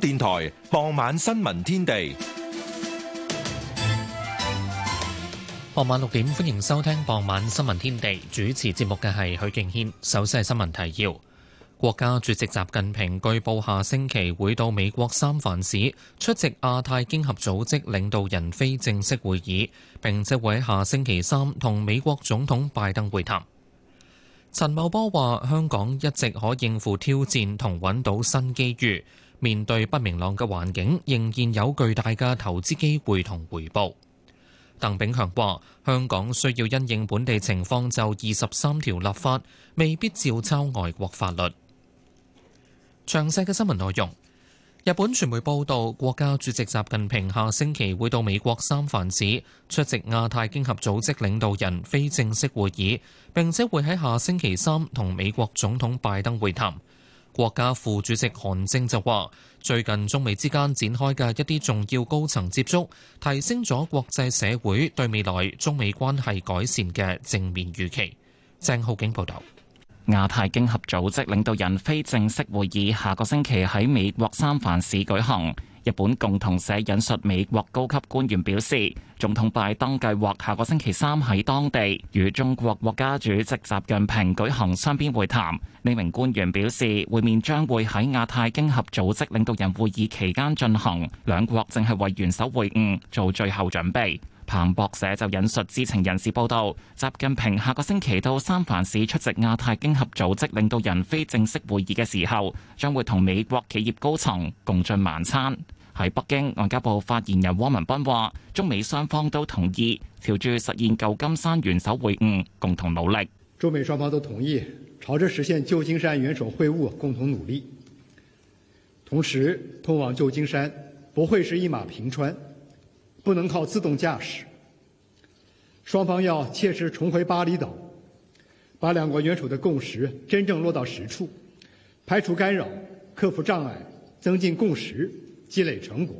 電台傍晚新聞天地，傍晚六點，歡迎收聽傍晚新聞天地。主持節目嘅係許敬軒。首先係新聞提要：國家主席習近平據報下星期會到美國三藩市出席亞太經合組織領導人非正式會議，並計劃喺下星期三同美國總統拜登會談。陳茂波話：香港一直可應付挑戰，同揾到新機遇。面對不明朗嘅環境，仍然有巨大嘅投資機會同回報。鄧炳強話：香港需要因應本地情況，就二十三條立法，未必照抄外國法律。詳細嘅新聞內容，日本傳媒報道，國家主席習近平下星期會到美國三藩市出席亞太經合組織領導人非正式會議，並且會喺下星期三同美國總統拜登會談。國家副主席韓正就話，最近中美之間展開嘅一啲重要高層接觸，提升咗國際社會對未來中美關係改善嘅正面預期。鄭浩景報道。亞太經合組織領導人非正式會議下個星期喺美國三藩市舉行。日本共同社引述美國高級官員表示，總統拜登計劃下個星期三喺當地與中國國家主席習近平舉行雙邊會談，呢名官員表示，會面將會喺亞太經合組織領導人會議期間進行，兩國正係為元首會晤做最後準備。彭博社就引述知情人士報道，習近平下個星期到三藩市出席亞太經合組織領導人非正式會議嘅時候，將會同美國企業高層共進晚餐。喺北京，外交部發言人汪文斌話：中美雙方都同意朝住實現舊金山元首會晤，共同努力。中美雙方都同意朝着實現舊金山元首會晤共同努力。同時，通往舊金山不會是一馬平川。不能靠自動駕駛。雙方要切實重回巴厘島，把兩國元首的共識真正落到實處，排除干擾，克服障礙，增進共識，積累成果。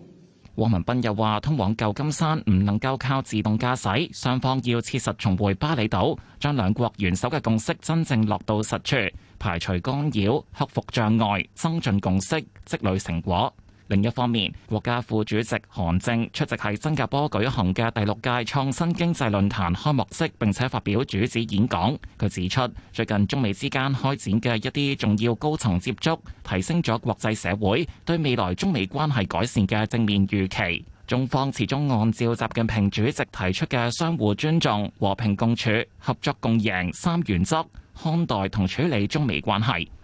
汪文斌又話，通往舊金山唔能夠靠自動駕駛，雙方要切實重回巴厘島，將兩國元首嘅共識真正落到實處，排除干擾，克服障礙，增進共識，積累成果。另一方面，國家副主席韓正出席喺新加坡舉行嘅第六屆創新經濟論壇開幕式，並且發表主旨演講。佢指出，最近中美之間開展嘅一啲重要高層接觸，提升咗國際社會對未來中美關係改善嘅正面預期。中方始終按照習近平主席提出嘅相互尊重、和平共處、合作共贏三原則看待同處理中美關係。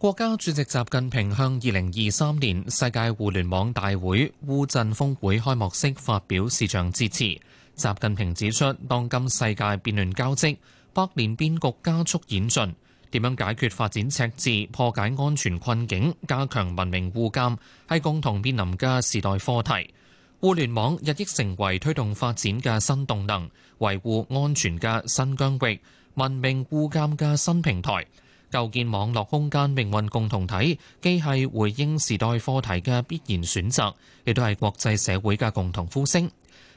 國家主席習近平向2023年世界互聯網大會烏鎮峰會開幕式發表視頻致辭。習近平指出，當今世界變亂交織，百年變局加速演進，點樣解決發展赤字、破解安全困境、加強文明互鑒，係共同面臨嘅時代課題。互聯網日益成為推動發展嘅新動能、維護安全嘅新疆域、文明互鑒嘅新平台。構建網絡空間命運共同體，既係回應時代課題嘅必然選擇，亦都係國際社會嘅共同呼聲。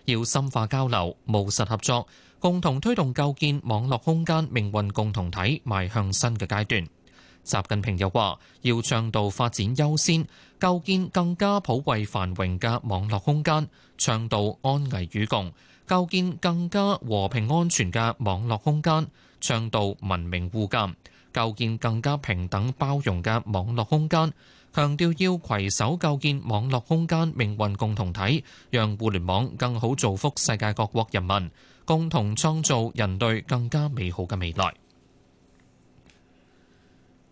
要深化交流、務實合作，共同推動構建網絡空間命運共同體邁向新嘅階段。習近平又話，要倡導發展優先，構建更加普惠繁榮嘅網絡空間，倡導安危與共，構建更加和平安全嘅網絡空間，倡導文明互鑒。構建更加平等包容嘅網絡空間，強調要携手構建網絡空間命運共同體，讓互聯網更好造福世界各國人民，共同創造人類更加美好嘅未來。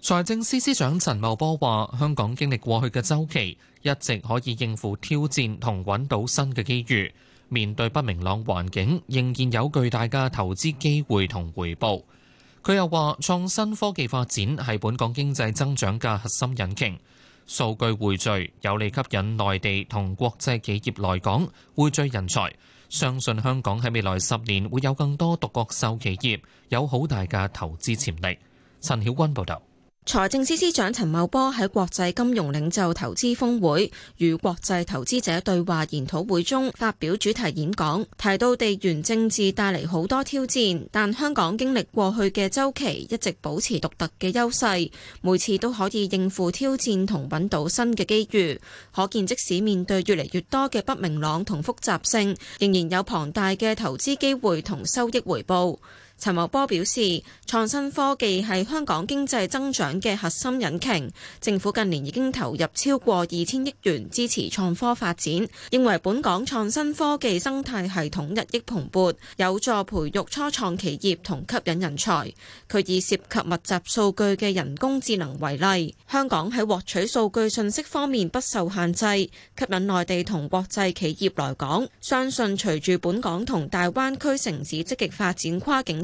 財政司司長陳茂波話：香港經歷過去嘅周期，一直可以應付挑戰同揾到新嘅機遇。面對不明朗環境，仍然有巨大嘅投資機會同回報。佢又話：創新科技發展係本港經濟增長嘅核心引擎，數據匯聚有利吸引內地同國際企業來港匯聚人才。相信香港喺未來十年會有更多獨角獸企業，有好大嘅投資潛力。陳曉君報道。財政司司長陳茂波喺國際金融領袖投資峰會與國際投資者對話研討會中發表主題演講，提到地緣政治帶嚟好多挑戰，但香港經歷過去嘅週期一直保持獨特嘅優勢，每次都可以應付挑戰同揾到新嘅機遇。可見即使面對越嚟越多嘅不明朗同複雜性，仍然有龐大嘅投資機會同收益回報。陳茂波表示，創新科技係香港經濟增長嘅核心引擎。政府近年已經投入超過二千億元支持創科發展，認為本港創新科技生態系統日益蓬勃，有助培育初創企業同吸引人才。佢以涉及密集數據嘅人工智能為例，香港喺獲取數據信息方面不受限制，吸引內地同國際企業來港。相信隨住本港同大灣區城市積極發展跨境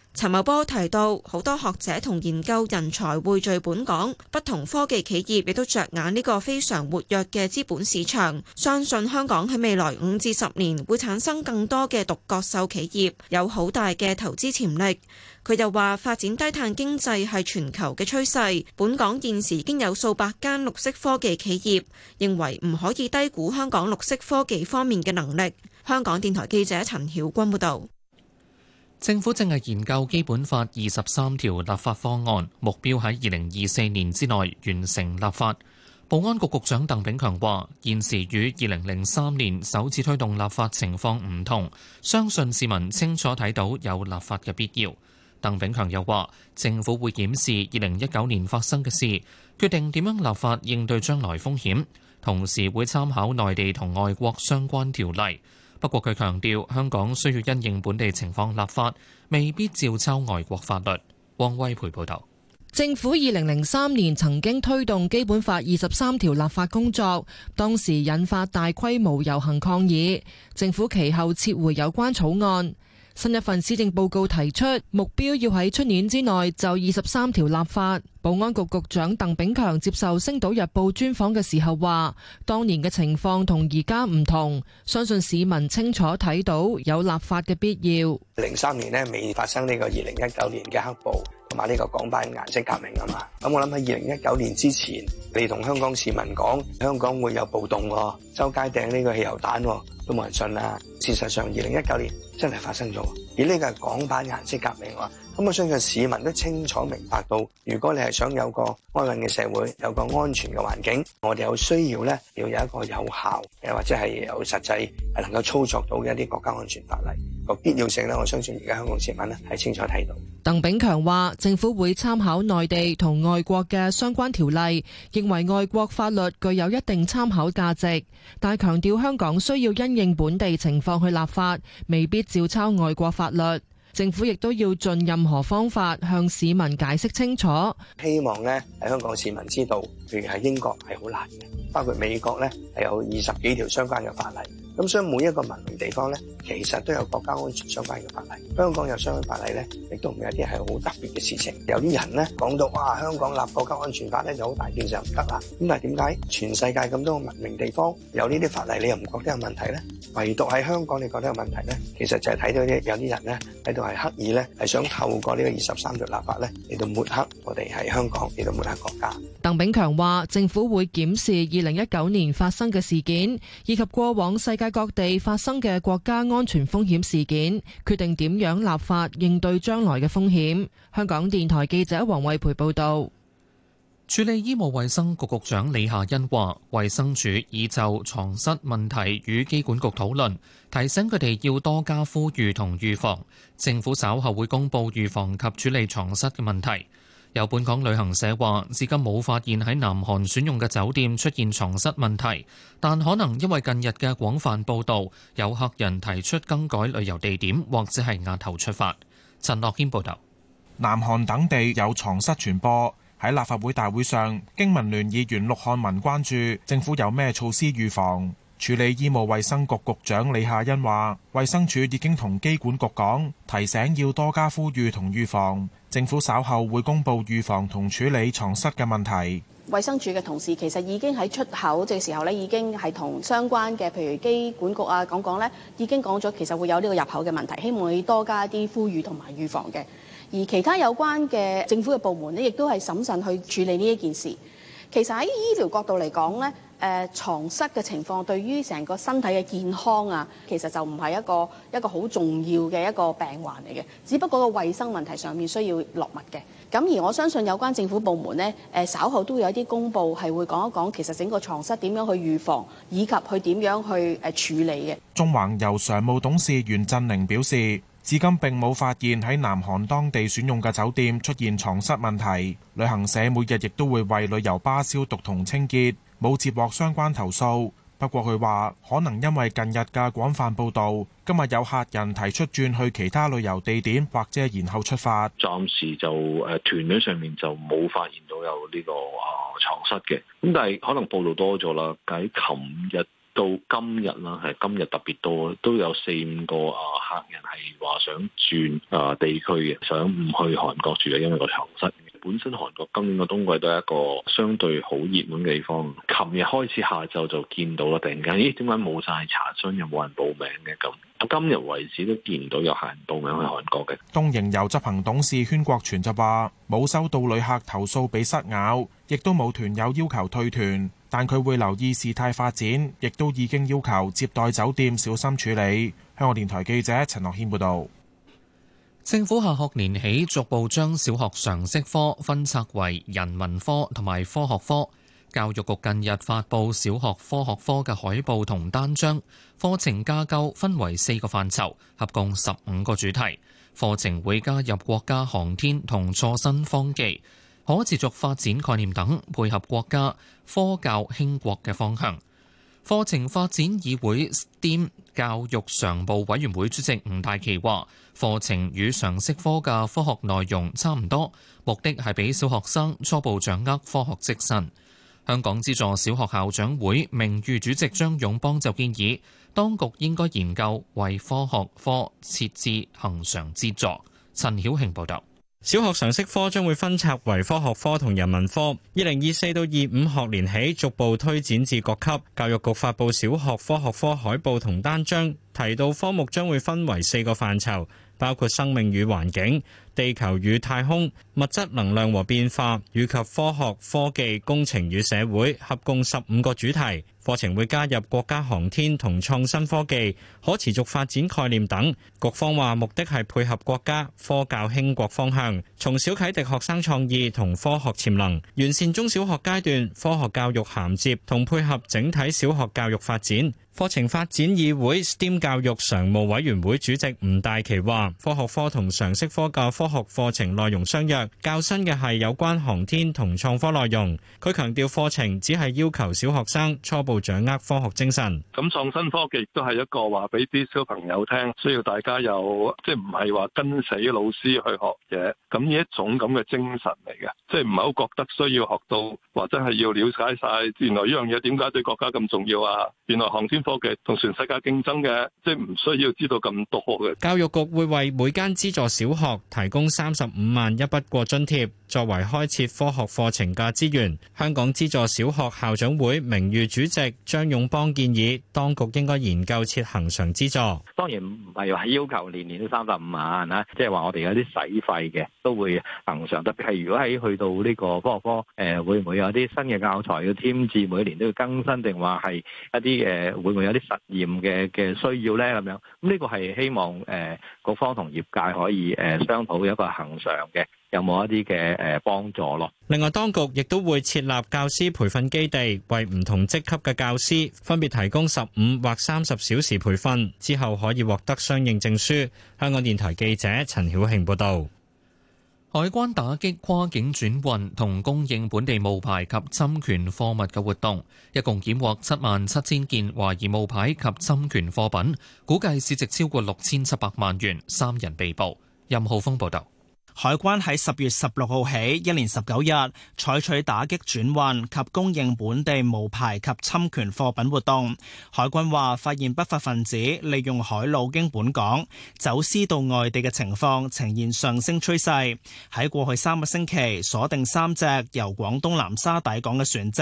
陳茂波提到，好多學者同研究人才匯聚本港，不同科技企業亦都着眼呢個非常活躍嘅資本市場，相信香港喺未來五至十年會產生更多嘅獨角獸企業，有好大嘅投資潛力。佢又話，發展低碳經濟係全球嘅趨勢，本港現時已經有數百間綠色科技企業，認為唔可以低估香港綠色科技方面嘅能力。香港電台記者陳曉君報道。政府正係研究《基本法》二十三條立法方案，目標喺二零二四年之內完成立法。保安局局長鄧炳強話：現時與二零零三年首次推動立法情況唔同，相信市民清楚睇到有立法嘅必要。鄧炳強又話：政府會檢視二零一九年發生嘅事，決定點樣立法應對將來風險，同時會參考內地同外國相關條例。不過，佢強調香港需要因應本地情況立法，未必照抄外國法律。汪威培報導，政府二零零三年曾經推動《基本法》二十三條立法工作，當時引發大規模遊行抗議，政府其後撤回有關草案。新一份施政報告提出目標，要喺出年之內就二十三條立法。保安局局長鄧炳強接受《星島日報》專訪嘅時候話，當年嘅情況同而家唔同，相信市民清楚睇到有立法嘅必要。零三年呢未發生呢個二零一九年嘅黑暴同埋呢個港版顏色革命啊嘛，咁我諗喺二零一九年之前，你同香港市民講香港會有暴動喎、哦，周街掟呢個汽油彈喎、哦。有冇人信啊？事實上，二零一九年真係發生咗，而呢個係港版顏色革命喎。咁我相信市民都清楚明白到，如果你係想有個安穩嘅社會，有個安全嘅環境，我哋有需要咧，要有一個有效，又或者係有實際係能夠操作到嘅一啲國家安全法例個必要性咧。我相信而家香港市民咧係清楚睇到。鄧炳強話：政府會參考內地同外國嘅相關條例，認為外國法律具有一定參考價值，但係強調香港需要因應應本地情況去立法，未必照抄外國法律。政府亦都要盡任何方法向市民解釋清楚，希望呢喺香港市民知道。譬如喺英國係好難嘅，包括美國咧係有二十幾條相關嘅法例，咁所以每一個文明地方咧，其實都有國家安全相關嘅法例。香港有相關法例咧，亦都唔係一啲係好特別嘅事情。有啲人咧講到哇，香港立國家安全法咧就好大件事就唔得啦。咁但係點解全世界咁多個文明地方有呢啲法例，你又唔覺得有問題咧？唯獨喺香港你覺得有問題咧？其實就係睇到啲有啲人咧喺度係刻意咧，係想透過呢個二十三條立法咧嚟到抹黑我哋喺香港，嚟到抹黑國家。鄧炳強。話政府會檢視二零一九年發生嘅事件，以及過往世界各地發生嘅國家安全風險事件，決定點樣立法應對將來嘅風險。香港電台記者黃惠培報道，處理醫務衛生局局長李夏茵話，衛生署已就床蝨問題與機管局討論，提醒佢哋要多加呼籲同預防。政府稍後會公布預防及處理床蝨嘅問題。有本港旅行社話至今冇發現喺南韓選用嘅酒店出現床蝨問題，但可能因為近日嘅廣泛報道，有客人提出更改旅遊地點或者係押後出發，陳樂堅報道。南韓等地有床蝨傳播，喺立法會大會上，經民聯議員陸瀚民關注政府有咩措施預防。處理醫務衛生局局長李夏恩話，衛生署已經同機管局講，提醒要多加呼籲同預防。政府稍後會公布預防同處理藏室嘅問題。衛生署嘅同事其實已經喺出口嘅時候已經係同相關嘅，譬如機管局啊，講講呢，已經講咗，其實會有呢個入口嘅問題，希望你多加一啲呼籲同埋預防嘅。而其他有關嘅政府嘅部門呢，亦都係審慎去處理呢一件事。其實喺醫療角度嚟講呢。床蝨嘅情況對於成個身體嘅健康啊，其實就唔係一個一個好重要嘅一個病患嚟嘅。只不過個衛生問題上面需要落實嘅。咁而我相信有關政府部門呢，呃、稍後都有一些公布會有啲公佈係會講一講其實整個床蝨點樣去預防，以及去點樣去處處理嘅。中環遊常務董事袁振寧表示，至今並冇發現喺南韓當地選用嘅酒店出現床蝨問題。旅行社每日亦都會為旅遊巴消毒同清潔。冇接獲相關投訴，不過佢話可能因為近日嘅廣泛報導，今日有客人提出轉去其他旅遊地點，或者延後出發。暫時就誒團隊上面就冇發現到有呢個啊床蝨嘅，咁但係可能報道多咗啦。喺琴日到今日啦，係今日特別多，都有四五個啊客人係話想轉啊地區嘅，想唔去韓國住，因為個床蝨。本身韓國今年嘅冬季都係一個相對好熱門嘅地方。琴日開始下晝就見到啦，突然間咦，點解冇晒查詢又冇人報名嘅咁？今日為止都見唔到有客人報名去韓國嘅。東瀛遊執行董事禤國全就話冇收到旅客投訴被失咬，亦都冇團友要求退團，但佢會留意事態發展，亦都已經要求接待酒店小心處理。香港電台記者陳樂謙報道。政府下學年起逐步將小學常識科分拆為人文科同埋科學科。教育局近日發布小學科學科嘅海報同單張，課程架構分為四個範疇，合共十五個主題。課程會加入國家航天同創新科技，可持續發展概念等，配合國家科教興國嘅方向。課程發展議會 STEAM。教育常務委員會主席吳大奇話，課程與常識科嘅科學內容差唔多，目的係俾小學生初步掌握科學精神。香港資助小學校長會名譽主席張勇邦就建議，當局應該研究為科學科設置恆常資助。陳曉慶報道。小學常識科將會分拆為科學科同人文科。二零二四到二五學年起，逐步推展至各級。教育局發布小學科學科海報同單張，提到科目將會分為四個範疇，包括生命與環境、地球與太空、物質能量和變化，以及科學、科技、工程與社會，合共十五個主題。課程會加入國家航天同創新科技、可持續發展概念等。局方話，目的係配合國家科教興國方向，從小啟迪學生創意同科學潛能，完善中小學階段科學教育銜接，同配合整體小學教育發展。課程發展議會 STEM 教育常務委員會主席吳大琪話，科學科同常識科嘅科學課程內容相若，較新嘅係有關航天同創科內容。佢強調課程只係要求小學生初步掌握科學精神。咁創新科技亦都係一個話俾啲小朋友聽，需要大家有即係唔係話跟死老師去學嘢。咁呢一種咁嘅精神嚟嘅，即係唔係好覺得需要學到話真係要了解晒原來呢樣嘢點解對國家咁重要啊？原來航天。科嘅同全世界競爭嘅，即係唔需要知道咁多嘅。教育局會為每間資助小學提供三十五萬一筆過津貼，作為開設科學課程嘅資源。香港資助小學校長會名譽主席張勇邦建議，當局應該研究設恆常資助。當然唔係話要求年年都三十五萬啊，即係話我哋有啲使費嘅都會恆常。特別係如果喺去到呢個科學科，誒會唔會有啲新嘅教材要添置，每年都要更新，定話係一啲誒會。有冇啲實驗嘅嘅需要咧？咁樣咁呢個係希望誒局方同業界可以誒商討一個恆常嘅有冇一啲嘅誒幫助咯？另外，當局亦都會設立教師培訓基地，為唔同職級嘅教師分別提供十五或三十小時培訓，之後可以獲得相應證書。香港電台記者陳曉慶報道。海關打擊跨境轉運同供應本地冒牌及侵權貨物嘅活動，一共檢獲七萬七千件懷疑冒牌及侵權貨品，估計市值超過六千七百萬元，三人被捕。任浩峰報道。海關喺十月十六號起，一連十九日採取打擊轉運及供應本地無牌及侵權貨品活動。海關話，發現不法分子利用海路經本港走私到外地嘅情況呈現上升趨勢。喺過去三個星期，鎖定三隻由廣東南沙抵港嘅船隻，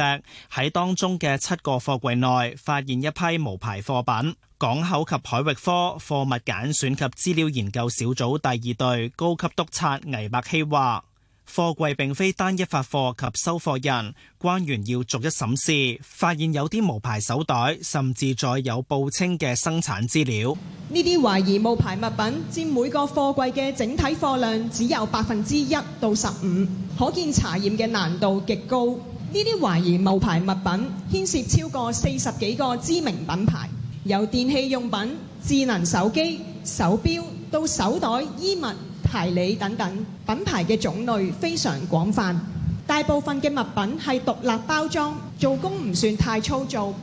喺當中嘅七個貨櫃內發現一批無牌貨品。港口及海域科貨物揀選及資料研究小組第二隊高級督察倪伯希話，貨櫃並非單一發貨及收貨人，官員要逐一審視，發現有啲冒牌手袋，甚至再有報稱嘅生產資料。呢啲懷疑冒牌物品佔每個貨櫃嘅整體貨量只有百分之一到十五，可見查驗嘅難度極高。呢啲懷疑冒牌物品牽涉超過四十幾個知名品牌。由電器用品、智能手機、手錶到手袋、衣物、鞋類等等，品牌嘅種類非常廣泛。大部分嘅物品係獨立包裝，做工唔算太粗糙，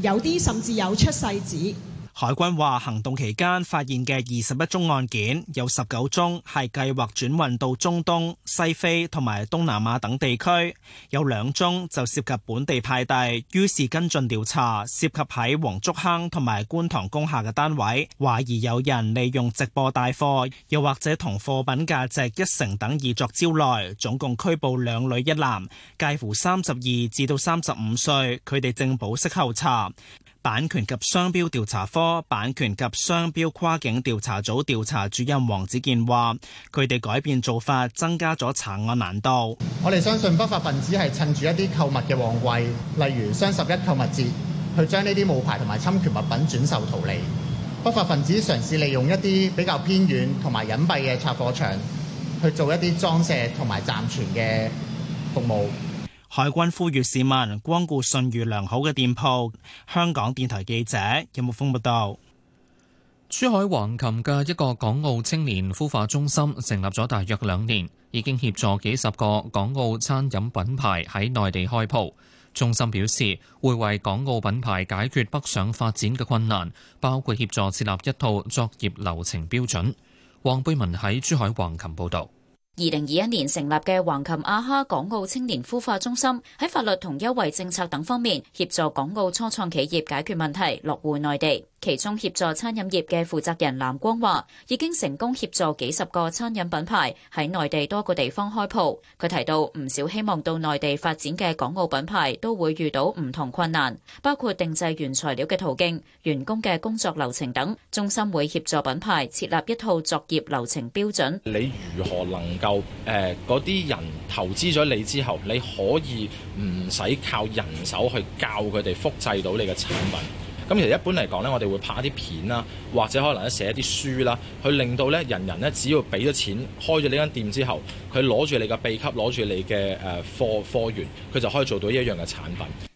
有啲甚至有出世紙。海關話，行動期間發現嘅二十一宗案件，有十九宗係計劃轉運到中東、西非同埋東南亞等地區，有兩宗就涉及本地派遞，於是跟進調查，涉及喺黃竹坑同埋觀塘工廈嘅單位，懷疑有人利用直播帶貨，又或者同貨品價值一成等而作招來，總共拘捕兩女一男，介乎三十二至到三十五歲，佢哋正保釋候查。版權及商標調查科版權及商標跨境調查組調查主任黃子健話，佢哋改變做法，增加咗查案難度。我哋相信不法分子係趁住一啲購物嘅旺季，例如雙十一購物節，去將呢啲冒牌同埋侵權物品轉售圖利。不法分子嘗試利用一啲比較偏遠同埋隱蔽嘅拆貨場，去做一啲裝卸同埋暫存嘅服務。海軍呼籲市民光顧信譽良好嘅店鋪。香港電台記者任木峰報道，珠海橫琴嘅一個港澳青年孵化中心成立咗大約兩年，已經協助幾十個港澳餐飲品牌喺內地開鋪。中心表示會為港澳品牌解決北上發展嘅困難，包括協助設立一套作業流程標準。黃貝文喺珠海橫琴報道。二零二一年成立嘅橫琴阿哈港澳青年孵化中心，喺法律同優惠政策等方面協助港澳初創企業解決問題，落戶內地。其中協助餐飲業嘅負責人藍光話，已經成功協助幾十個餐飲品牌喺內地多個地方開鋪。佢提到，唔少希望到內地發展嘅港澳品牌都會遇到唔同困難，包括定製原材料嘅途徑、員工嘅工作流程等。中心會協助品牌設立一套作業流程標準。你如何能夠誒嗰啲人投資咗你之後，你可以唔使靠人手去教佢哋複製到你嘅產品？咁其實一般嚟講呢，我哋會拍一啲片啦，或者可能咧寫一啲書啦，去令到呢人人呢只要俾咗錢開咗呢間店之後，佢攞住你嘅秘笈，攞住你嘅誒貨貨源，佢就可以做到一樣嘅產品。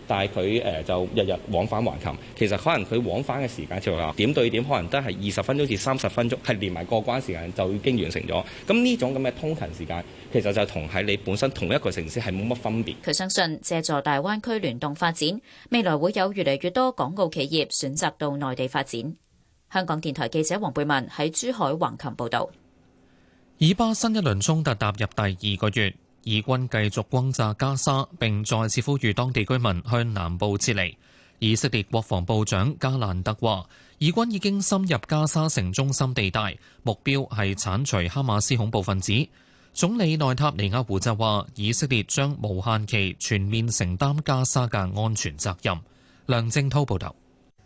但係佢誒就日日往返橫琴，其實可能佢往返嘅時間就朝頭早點對點，可能都係二十分鐘至三十分鐘係連埋過關時間就已經完成咗。咁呢種咁嘅通勤時間其實就同喺你本身同一個城市係冇乜分別，佢相信借助大灣區聯動發展，未來會有越嚟越多港澳企業選擇到內地發展。香港電台記者黃貝文喺珠海橫琴報道。以巴新一輪衝突踏入第二個月。以軍繼續轟炸加沙，並再次呼籲當地居民向南部撤離。以色列國防部長加蘭特話，以軍已經深入加沙城中心地帶，目標係剷除哈馬斯恐怖分子。總理內塔尼亞胡就話，以色列將無限期全面承擔加沙嘅安全責任。梁正滔報道。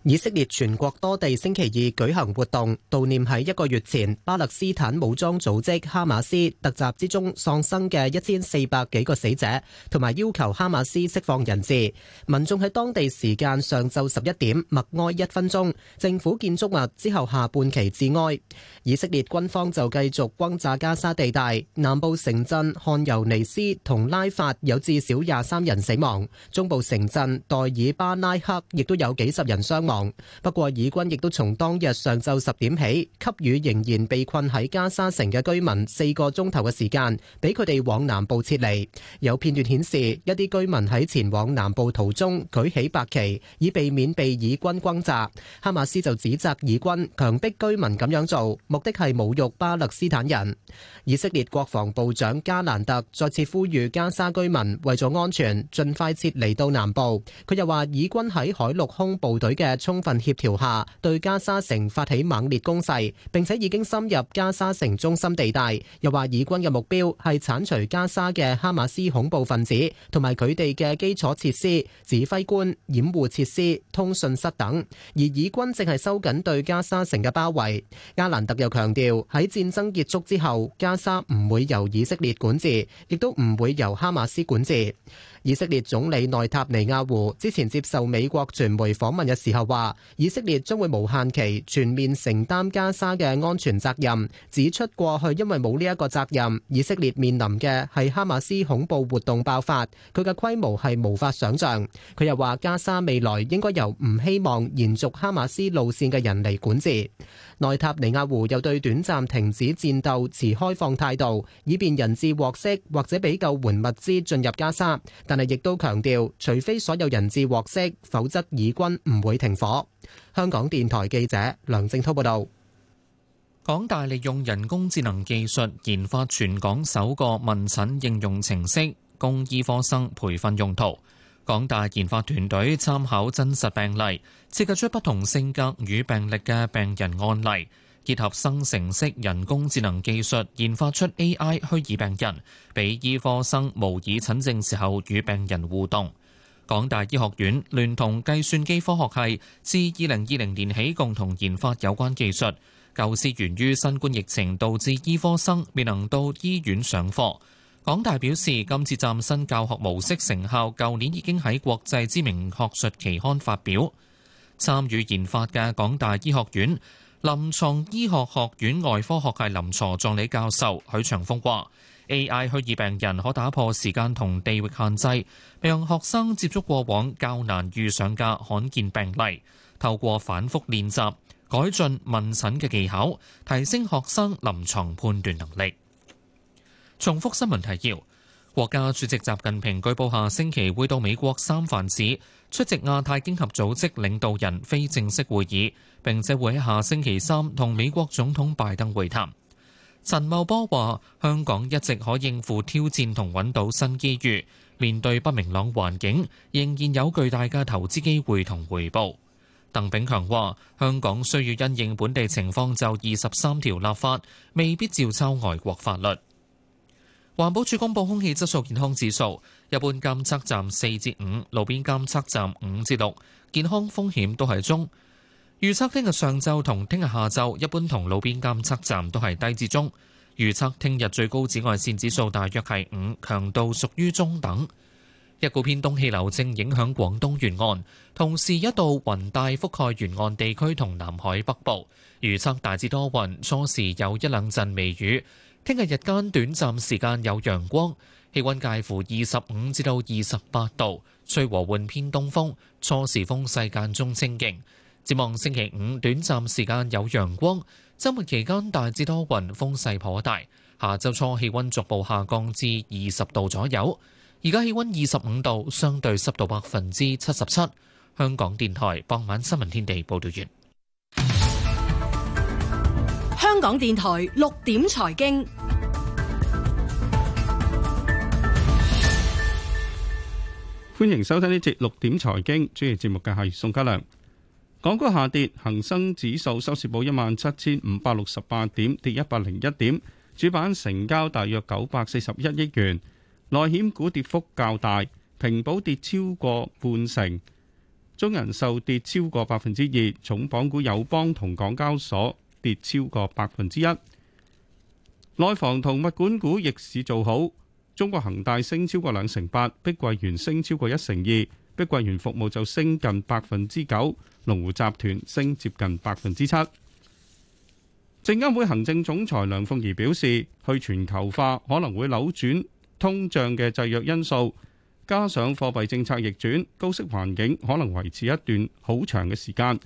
以色列全國多地星期二舉行活動，悼念喺一個月前巴勒斯坦武裝組織哈馬斯突襲之中喪生嘅一千四百幾個死者，同埋要求哈馬斯釋放人質。民眾喺當地時間上晝十一點默哀一分鐘，政府建築物之後下半旗致哀。以色列軍方就繼續轟炸加沙地帶南部城鎮漢尤尼斯同拉法，有至少廿三人死亡；中部城鎮代爾巴拉克亦都有幾十人傷亡。不過，以軍亦都從當日上午十點起，給予仍然被困喺加沙城嘅居民四個鐘頭嘅時間，俾佢哋往南部撤離。有片段顯示，一啲居民喺前往南部途中舉起白旗，以避免被以軍轟炸。哈馬斯就指責以軍強迫居民咁樣做，目的係侮辱巴勒斯坦人。以色列國防部長加蘭特再次呼籲加沙居民為咗安全，盡快撤離到南部。佢又話，以軍喺海陸空部隊嘅充分協調下，對加沙城發起猛烈攻勢，並且已經深入加沙城中心地帶。又話以軍嘅目標係剷除加沙嘅哈馬斯恐怖分子同埋佢哋嘅基礎設施、指揮官、掩護設施、通訊室等。而以軍正係收緊對加沙城嘅包圍。阿蘭特又強調，喺戰爭結束之後，加沙唔會由以色列管治，亦都唔會由哈馬斯管治。以色列總理內塔尼亞胡之前接受美國傳媒訪問嘅時候話：以色列將會無限期全面承擔加沙嘅安全責任，指出過去因為冇呢一個責任，以色列面臨嘅係哈馬斯恐怖活動爆發，佢嘅規模係無法想像。佢又話：加沙未來應該由唔希望延續哈馬斯路線嘅人嚟管治。內塔尼亞胡又對短暫停止戰鬥持開放態度，以便人質獲釋或者俾救援物資進入加沙，但係亦都強調，除非所有人質獲釋，否則以軍唔會停火。香港電台記者梁正滔報導，港大利用人工智能技術研發全港首個問診應用程式，供醫科生培訓用途。港大研發團隊參考真實病例，設計出不同性格與病歷嘅病人案例，結合生成式人工智能技術，研發出 AI 虛擬病人，俾醫科生模擬診症時候與病人互動。港大醫學院聯同計算機科學系自2020年起共同研發有關技術，構思源於新冠疫情導致醫科生未能到醫院上課。港大表示，今次嶄新教學模式成效，舊年已經喺國際知名學術期刊發表。參與研發嘅港大醫學院臨床醫學學院外科學系臨牀助理教授許長峰話 AI 虛擬病人可打破時間同地域限制，讓學生接觸過往較難遇上嘅罕見病例，透過反復練習改進問診嘅技巧，提升學生臨床判斷能力。重複新聞提要：國家主席習近平據報下星期會到美國三藩市出席亞太經合組織領導人非正式會議，並且會喺下星期三同美國總統拜登會談。陳茂波話：香港一直可應付挑戰同揾到新機遇，面對不明朗環境，仍然有巨大嘅投資機會同回報。鄧炳強話：香港需要因應本地情況就二十三條立法，未必照抄外國法律。環保署公布空氣質素健康指數，一般監測站四至五，5，路邊監測站五至六，6，健康風險都係中。預測聽日上晝同聽日下晝，一般同路邊監測站都係低至中。預測聽日最高紫外線指數大約係五，強度屬於中等。一股偏東氣流正影響廣東沿岸，同時一道雲帶覆蓋沿岸地區同南海北部，預測大致多雲，初時有一兩陣微雨。聽日日間短暫時間有陽光，氣温介乎二十五至到二十八度，吹和緩偏東風，初時風勢間中清勁。展望星期五短暫時間有陽光，周末期間大致多雲，風勢頗大。下周初氣温逐步下降至二十度左右，而家氣温二十五度，相對濕度百分之七十七。香港電台傍晚新聞天地報道完。香港電台六點財經，歡迎收聽呢節六點財經，主持節目嘅係宋嘉良。港股下跌，恒生指數收市報一萬七千五百六十八點，跌一百零一點，主板成交大約九百四十一億元。內險股跌幅較大，平保跌超過半成，中人壽跌超過百分之二，重磅股友邦同港交所，跌超過百分之一，內房同物管股逆市做好。中國恒大升超過兩成八，碧桂園升超過一成二，碧桂園服務就升近百分之九，龍湖集團升接近百分之七。證監會行政總裁梁鳳儀表示，去全球化可能會扭轉通脹嘅制約因素，加上貨幣政策逆轉，高息環境可能維持一段好長嘅時間。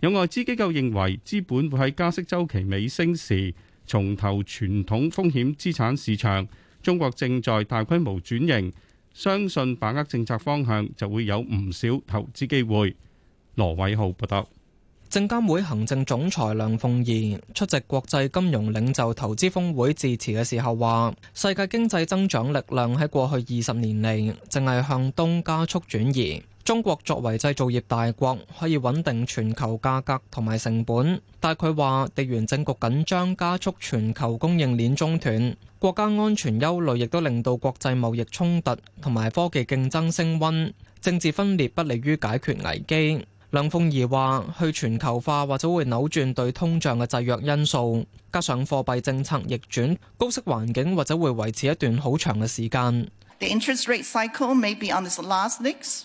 有外資機構認為，資本會喺加息週期尾聲時，重投傳統風險資產市場。中國正在大規模轉型，相信把握政策方向就會有唔少投資機會。羅偉浩報道。證監會行政總裁梁鳳儀出席國際金融領袖投資峰會致辭嘅時候話，世界經濟增長力量喺過去二十年嚟，正係向東加速轉移。中國作為製造業大國，可以穩定全球價格同埋成本。但佢話，地緣政局緊張加速全球供應鏈中斷，國家安全憂慮亦都令到國際貿易衝突同埋科技競爭升溫。政治分裂不利於解決危機。梁鳳儀話，去全球化或者會扭轉對通脹嘅制約因素，加上貨幣政策逆轉，高息環境，或者會維持一段好長嘅時間。The interest rate cycle may be on its last legs.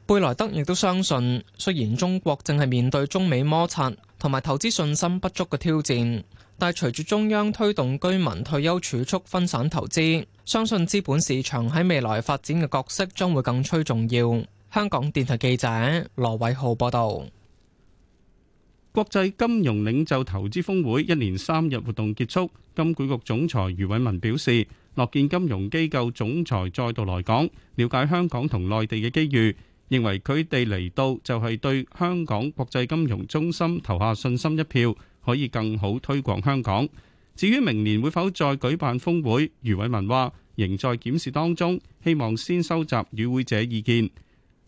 貝萊德亦都相信，雖然中國正係面對中美摩擦同埋投資信心不足嘅挑戰，但係隨住中央推動居民退休儲蓄分散投資，相信資本市場喺未來發展嘅角色將會更趨重要。香港電台記者羅偉浩報道。國際金融領袖投資峰會一連三日活動結束，金管局總裁余偉文表示，樂見金融機構總裁再度來港了解香港同內地嘅機遇。認為佢哋嚟到就係對香港國際金融中心投下信心一票，可以更好推廣香港。至於明年會否再舉辦峰會，余偉文話仍在檢視當中，希望先收集與會者意見。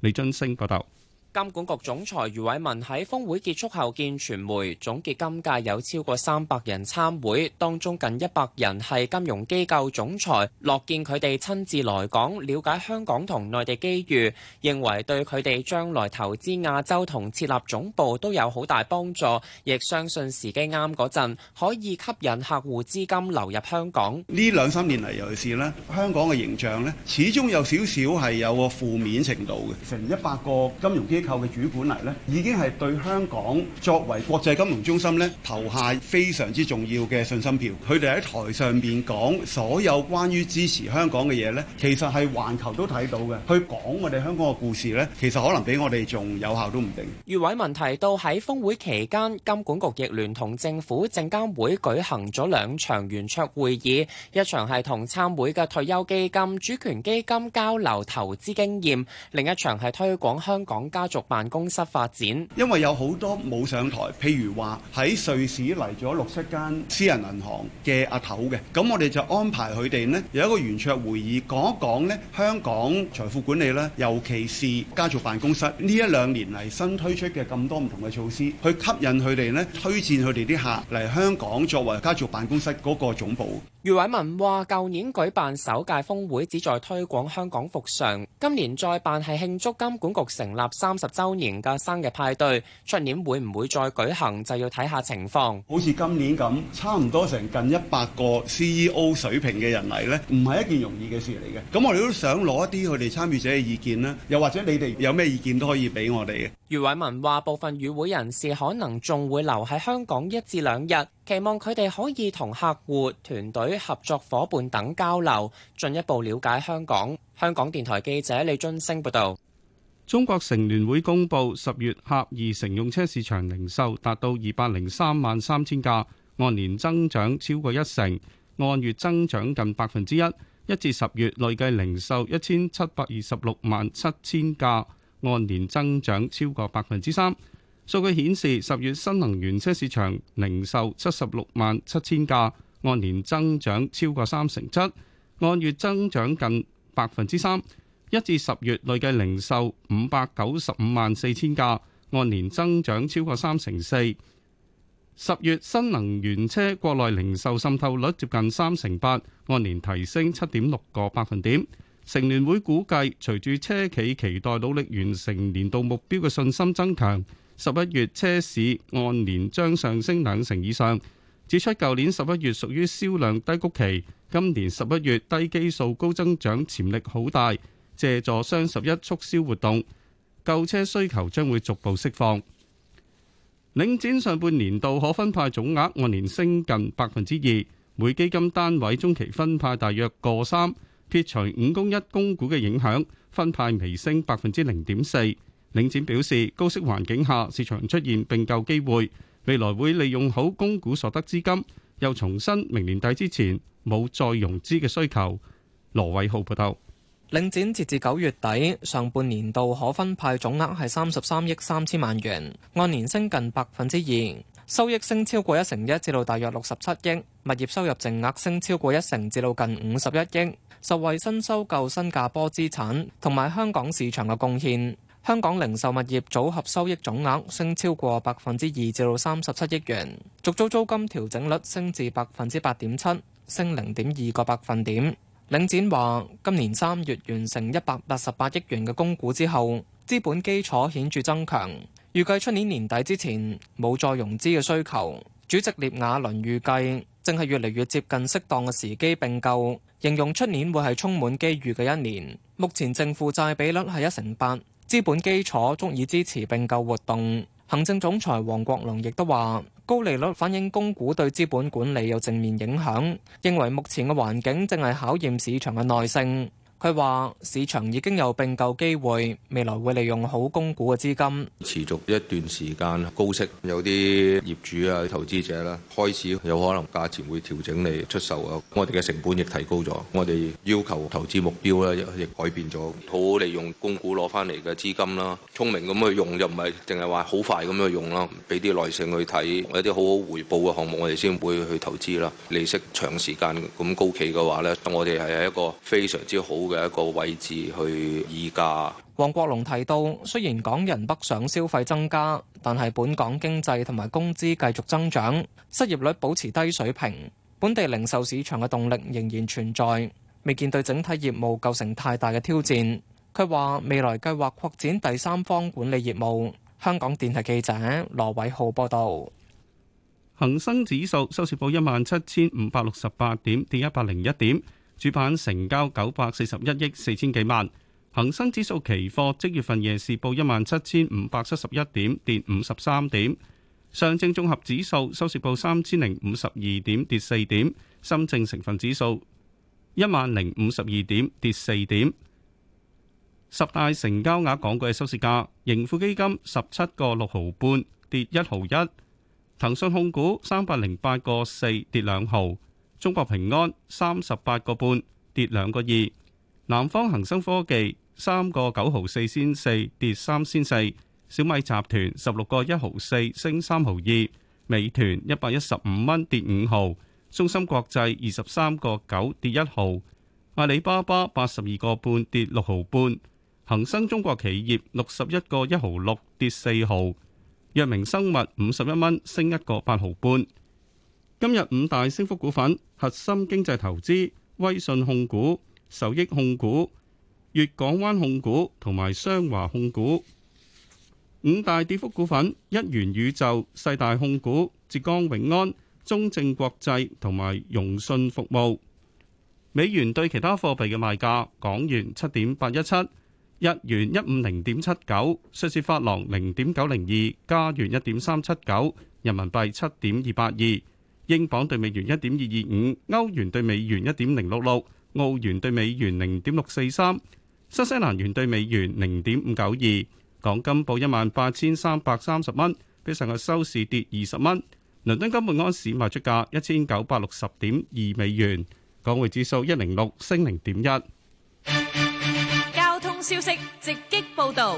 李俊升報道。金管局總裁余偉文喺峰會結束後見傳媒，總結今屆有超過三百人參會，當中近一百人係金融機構總裁，樂見佢哋親自來港了解香港同內地機遇，認為對佢哋將來投資亞洲同設立總部都有好大幫助，亦相信時機啱嗰陣可以吸引客戶資金流入香港。呢兩三年嚟尤其是咧，香港嘅形象咧始終有少少係有個負面程度嘅，成一百個金融機嘅主管嚟咧，已經係對香港作為國際金融中心咧投下非常之重要嘅信心票。佢哋喺台上面講所有關於支持香港嘅嘢咧，其實，係環球都睇到嘅。去講我哋香港嘅故事咧，其實可能比我哋仲有效都唔定。余偉文提到喺峰會期間，金管局亦聯同政府證監會舉行咗兩場圓桌會議，一場係同參會嘅退休基金、主權基金交流投資經驗，另一場係推廣香港家家族辦公室發展，因為有好多冇上台，譬如話喺瑞士嚟咗六七間私人銀行嘅阿頭嘅，咁我哋就安排佢哋呢，有一個圓桌會議，講一講呢香港財富管理啦，尤其是家族辦公室呢一兩年嚟新推出嘅咁多唔同嘅措施，去吸引佢哋呢，推薦佢哋啲客嚟香港作為家族辦公室嗰個總部。余偉文話：舊年舉辦首屆峰會，旨在推廣香港復常，今年再辦係慶祝金管局成立三十周年嘅生日派對。出年會唔會再舉行，就要睇下情況。好似今年咁，差唔多成近一百個 CEO 水平嘅人嚟，呢，唔係一件容易嘅事嚟嘅。咁我哋都想攞一啲佢哋參與者嘅意見啦，又或者你哋有咩意見都可以俾我哋嘅。余偉文話：部分與會人士可能仲會留喺香港一至兩日。期望佢哋可以同客戶、團隊、合作伙伴等交流，進一步了解香港。香港電台記者李津升報道。中國乘聯會公布十月狹義乘用車市場零售達到二百零三萬三千架，按年增長超過一成，按月增長近百分之一。一至十月累計零售一千七百二十六萬七千架，按年增長超過百分之三。數據顯示，十月新能源車市場零售七十六萬七千架，按年增長超過三成七，按月增長近百分之三。一至十月累計零售五百九十五萬四千架，按年增長超過三成四。十月新能源車國內零售滲透率接近三成八，按年提升七點六個百分點。乘聯會估計，隨住車企期待努力完成年度目標嘅信心增強。十一月車市按年將上升兩成以上，指出舊年十一月屬於銷量低谷期，今年十一月低基數高增長潛力好大，借助雙十一促銷活動，購車需求將會逐步釋放。領展上半年度可分派總額按年升近百分之二，每基金單位中期分派大約個三，撇除五公一供股嘅影響，分派微升百分之零點四。領展表示，高息環境下市場出現併購機會，未來會利用好供股所得資金，又重申明年底之前冇再融資嘅需求。羅偉浩報道，領展截至九月底上半年度可分派總額係三十三億三千萬元，按年升近百分之二，收益升超過一成一，至到大約六十七億，物業收入淨額升超過一成，至到近五十一億，受惠新收購新加坡資產同埋香港市場嘅貢獻。香港零售物業組合收益總額升超過百分之二至到三十七億元，續租租金調整率升至百分之八點七，升零點二個百分點。領展話，今年三月完成一百八十八億元嘅供股之後，資本基礎顯著增強，預計出年年底之前冇再融資嘅需求。主席聶雅倫預計，正係越嚟越接近適當嘅時機並購，形容出年會係充滿機遇嘅一年。目前淨負債比率係一成八。資本基礎足以支持並購活動。行政總裁黃國龍亦都話：高利率反映供股對資本管理有正面影響，認為目前嘅環境正係考驗市場嘅耐性。佢話市場已經有併購機會，未來會利用好供股嘅資金，持續一段時間高息，有啲業主啊、投資者啦，開始有可能價錢會調整嚟出售啊。我哋嘅成本亦提高咗，我哋要求投資目標咧亦改變咗，好好利用供股攞翻嚟嘅資金啦，聰明咁去用，又唔係淨係話好快咁去用啦，俾啲耐性去睇，有啲好好回報嘅項目，我哋先會去投資啦。利息長時間咁高企嘅話咧，我哋係一個非常之好，有一個位置去議價。黃國龍提到，雖然港人北上消費增加，但係本港經濟同埋工資繼續增長，失業率保持低水平，本地零售市場嘅動力仍然存在，未見對整體業務構成太大嘅挑戰。佢話未來計劃擴展第三方管理業務。香港電台記者羅偉浩報道。恒生指數收市報一萬七千五百六十八點，跌一百零一點。主板成交九百四十一億四千幾萬，恒生指數期貨即月份夜市報一萬七千五百七十一點，跌五十三點。上證綜合指數收市報三千零五十二點，跌四點。深證成分指數一萬零五十二點，跌四點。十大成交額港股嘅收市價，盈富基金十七個六毫半，跌一毫一。騰訊控股三百零八個四，跌兩毫。中國平安三十八個半跌兩個二，南方恒生科技三個九毫四先四跌三先四，小米集團十六個一毫四升三毫二，美團一百一十五蚊跌五毫，中芯國際二十三個九跌一毫，阿里巴巴八十二個半跌六毫半，恒生中國企業六十一個一毫六跌四毫，藥明生物五十一蚊升一個八毫半。今日五大升幅股份：核心經濟投資、威信控股、受益控股、粵港灣控股同埋雙華控股。五大跌幅股份：一元宇宙、世大控股、浙江永安、中正國際同埋融信服務。美元對其他貨幣嘅賣價：港元七點八一七，日元一五零點七九，瑞士法郎零點九零二，加元一點三七九，人民幣七點二八二。英鎊兌美元一點二二五，歐元兌美元一點零六六，澳元兌美元零點六四三，新西蘭元兌美元零點五九二。港金報一萬八千三百三十蚊，比上日收市跌二十蚊。倫敦金每安士賣出價一千九百六十點二美元，港匯指數一零六升零點一。交通消息直擊報道。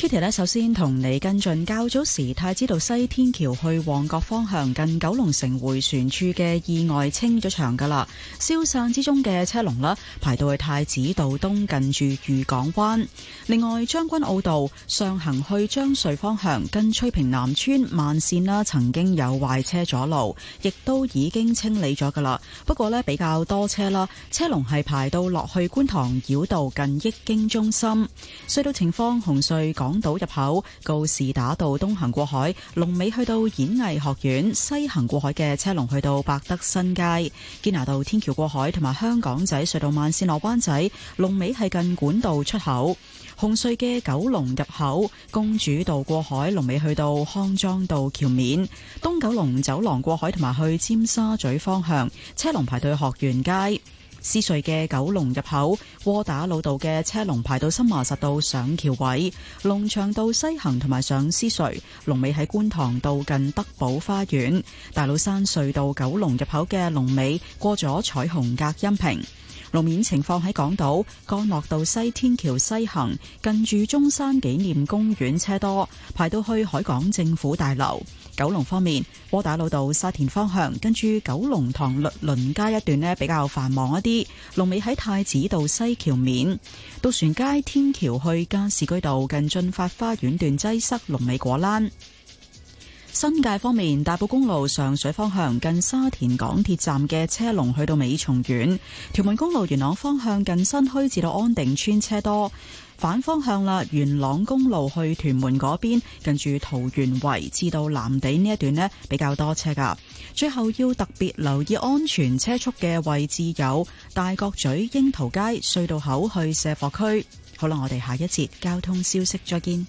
Kitty 首先同你跟進，較早時太子道西天橋去旺角方向，近九龍城迴旋處嘅意外清咗場㗎啦，消散之中嘅車龍啦，排到去太子道東近住御港灣。另外，將軍澳道上行去將穗方向，近翠屏南邨慢線啦，曾經有壞車阻路，亦都已經清理咗㗎啦。不過呢，比較多車啦，車龍係排到落去觀塘繞道近億京中心隧道情況，紅隧港。港島入口告士打道東行過海，龍尾去到演藝學院；西行過海嘅車龍去到百德新街、堅拿道天橋過海，同埋香港仔隧道慢線落灣仔，龍尾係近管道出口。紅隧嘅九龍入口公主道過海，龍尾去到康莊道橋面；東九龍走廊過海同埋去尖沙咀方向，車龍排隊鶴園街。獅隧嘅九龍入口，窩打老道嘅車龍排到新馬實道上橋位，龍翔道西行同埋上獅隧龍尾喺觀塘道近德寶花園，大老山隧道九龍入口嘅龍尾過咗彩虹隔音屏，路面情況喺港島干諾道西天橋西行近住中山紀念公園車多，排到去海港政府大樓。九龍方面，窩打老道沙田方向跟住九龍塘律倫街一段呢比較繁忙一啲，龍尾喺太子道西橋面；渡船街天橋去加士居道近駿發花園段擠塞，龍尾果欄。新界方面，大埔公路上水方向近沙田港鐵站嘅車龍去到美松苑；屯門公路元朗方向近新墟至到安定村車多。反方向啦，元朗公路去屯門嗰邊，近住桃園圍至到藍地呢一段呢，比較多車噶。最後要特別留意安全車速嘅位置有大角咀櫻桃街隧道口去卸貨區。好啦，我哋下一節交通消息再見。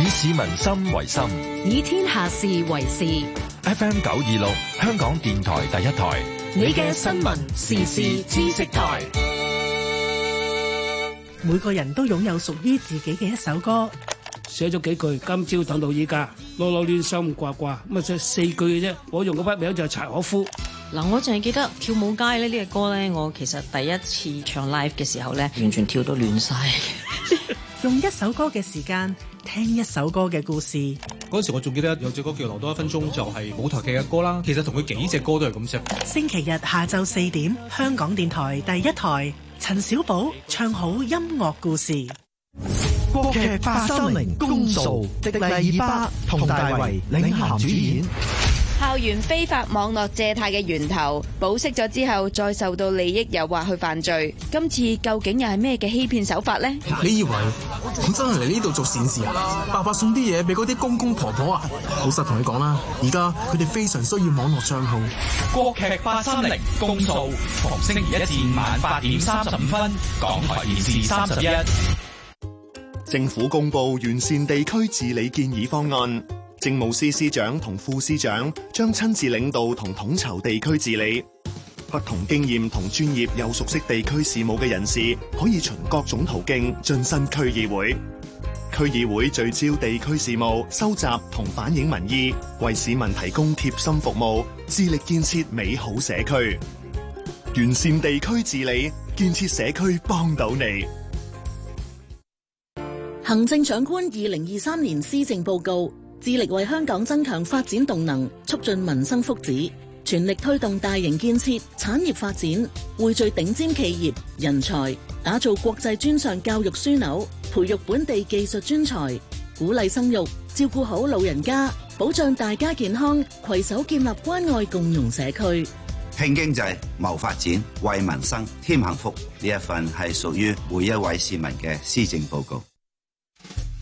以市民心為心，以天下事為事。FM 九二六，香港電台第一台，你嘅新聞時事知識台。每個人都擁有屬於自己嘅一首歌，寫咗幾句，今朝等到依家，囉囉攣心掛掛，咁啊四四句嘅啫。我用嘅筆名就係柴可夫。嗱，我淨係記得跳舞街咧呢隻歌咧，我其實第一次唱 live 嘅時候咧，完全跳到亂晒。用一首歌嘅時間聽一首歌嘅故事。嗰時我仲記得有隻歌叫《留多一分鐘》，就係舞台劇嘅歌啦。其實同佢幾隻歌都係咁 set。星期日下晝四點，香港電台第一台。陳小寶唱好音樂故事。國劇化生靈，公訴素素迪麗熱巴佟大為領銜主演。校園非法網絡借貸嘅源頭，保釋咗之後，再受到利益誘惑去犯罪。今次究竟又係咩嘅欺騙手法呢？你以為我真係嚟呢度做善事啊？白白送啲嘢俾嗰啲公公婆婆啊！老實同你講啦，而家佢哋非常需要網絡賬號。國劇八三零公訴逢星期一至五晚八點三十五分，港台電視三十一。政府公布完善地區治理建議方案。政務司司長同副司長將親自領導同統籌地區治理，不同經驗同專業又熟悉地區事務嘅人士，可以循各種途徑晉身區議會。區議會聚焦地區事務，收集同反映民意，為市民提供貼心服務，致力建設美好社區，完善地區治理，建設社區，幫到你。行政長官二零二三年施政報告。致力為香港增強發展動能，促進民生福祉，全力推動大型建設、產業發展，匯聚頂尖企業人才，打造國際專上教育樞紐，培育本地技術專才，鼓勵生育，照顧好老人家，保障大家健康，攜手建立關愛共融社區。興經濟、謀發展、為民生添幸福，呢一份係屬於每一位市民嘅施政報告。